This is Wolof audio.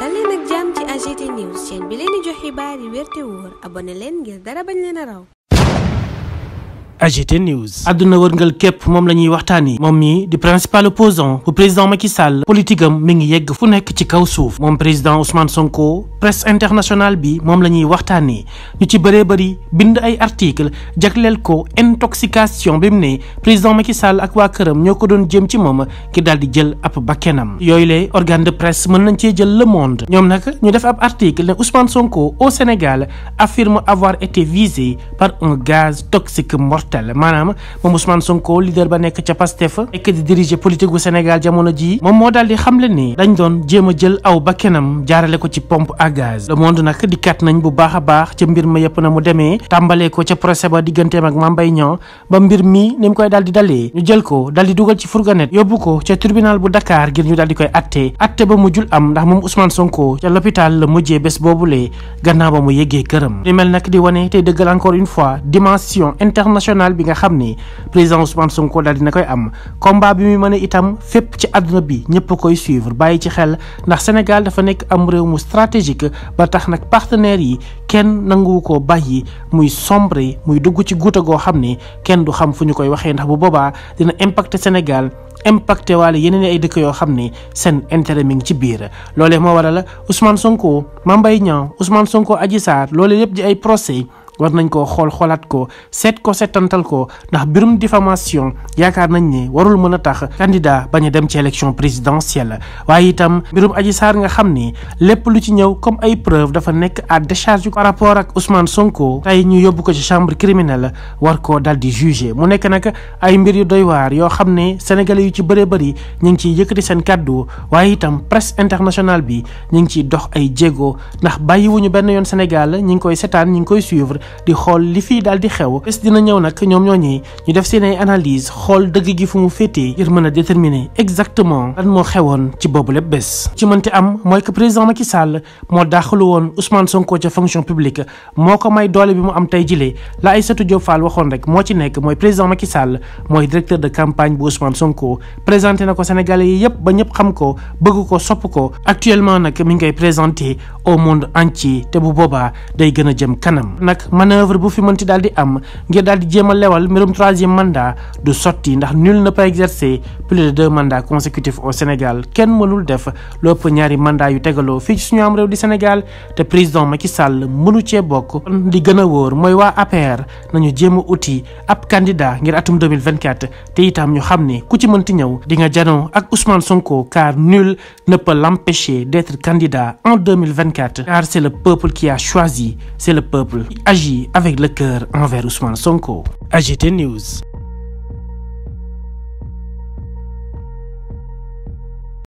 dal leen ak jàmm AGT news chaîne bi leen di jox xibaar yi wér te wóor abonné leen képp moom la ñuy waxtaani moom mii di principal opposant bu président Macky Sall politique am mi ngi yegg fu nekk ci kaw suuf moom président Ousmane Sonko presse internationale bi moom la ñuy waxtaanee ñu ci bëree bëri bind ay article jagleel ko intoxication bi mu ne président Macky ak waa këram ñoo ko doon jëm ci moom ki daal di jël ab bakkenam yooyu le organe de presse mën nañ cee jël le monde ñoom nag ñu def ab article ne Ousmane Sonko au Sénégal affirme avoir été visé par un gaz toxique mortel maanaam moom Ousmane Sonko leader ba nekk ca Pastef nekk di diriger politique gu Sénégal jamono jii moom a gaz le monde nag dikkaat nañ bu baax a baax ca mbir ma yëpp na mu demee tàmbalee ca procès ba digganteem ak Mame Mbaye Niang ba mbir mi ni mu koy daal di dalee ñu jël ko daal di dugal ci fourgonnette yóbbu ko ca tribunal bu Dakar ngir ñu daal di koy atte atte ba mujjul am ndax moom Ousmane Sonko ca l'hôpital la mujjee bés boobulee gannaaw ba mu yëggee këram li mel nag di wane tey dëggal encore une fois dimension internationale bi nga xam ne président Ousmane Sonko daal dina koy a dëgg ba tax nag partenaires yi kenn nanguwu ko bàyyi muy sombre muy dugg ci guuta goo xam ne kenn du xam fu ñu koy waxee ndax bu boobaa dina impacter Sénégal impacte waalo yeneen ay dëkk yoo xam ne seen intérêt mi ngi ci biir loole moo waral Ousmane Sonko Mame Mbaye Niang Ousmane Sonko Adji Sarr loolee lépp di ay procès war nañ koo xool xoolaat ko seet ko seetantal ko ndax birum diffamation yaakaar nañ ne warul mën a tax candidat bañ a dem ci élection présidentielle waaye itam mbirum aji Sarr nga xam ni lépp lu ci ñëw comme ay preuve dafa nekk à décharge par rapport ak Ousmane Sonko tey ñu yóbbu ko ci chambre criminelle war ko dal di jugé mu nekk nag ay mbir yu doy waar yoo xam ne sénégalais yu ci bëree bëri ñu ngi ciy yëkkati seen kàddu waaye itam presse internationale bi ñu ngi ciy dox ay jéego ndax bàyyiwuñu benn yoon Sénégal ñi ngi koy seetaan ñi ngi koy suivre di xool li fii daal di xew bés dina ñëw nag ñoom ñooñi ñu def seen ay analyse xool dëgg gi fu mu féetee ngir mën a déterminer exactement lan moo xewoon ci boobu lépp bés ci mënti am mooy que président Macky Sall moo daaxalu woon Ousmane Sonko ca fonction publique moo ko may doole bi mu am tey jilee la Aïssatou Diop Fall waxoon rek moo ci nekk mooy président Macky Sall mooy directeur de campagne bu Ousmane Sonko présenté na ko sénégale yi yëpp ba ñëpp xam ko bëgg ko sopp ko actuellement nag mi ngi koy présenté au monde entier te bu boobaa day gën a jëm kanam nag manœuvre bu fi mënti daal di am ngir daal di jéem a lewal mbirum troisième mandat du sotti ndax nul ne peut exercer plus de deux mandats consécutifs au Sénégal kenn mënul def lu ëpp ñaari mandat yu tegaloo fii suñu am réew di Sénégal te président Macky Sall mënu cee bokk di gën a wóor mooy waa APR nañu jéem a uti ab candidat ngir atum 2024 te itam ñu xam ne ku ci mënti ñëw di nga janoo ak Ousmane Sonko car nul ne peut l'empêcher d'être candidat en 2024 car c'est le peuple qui a choisi c'est le agit avec le cœur envers Ousmane Sonko. AGT News.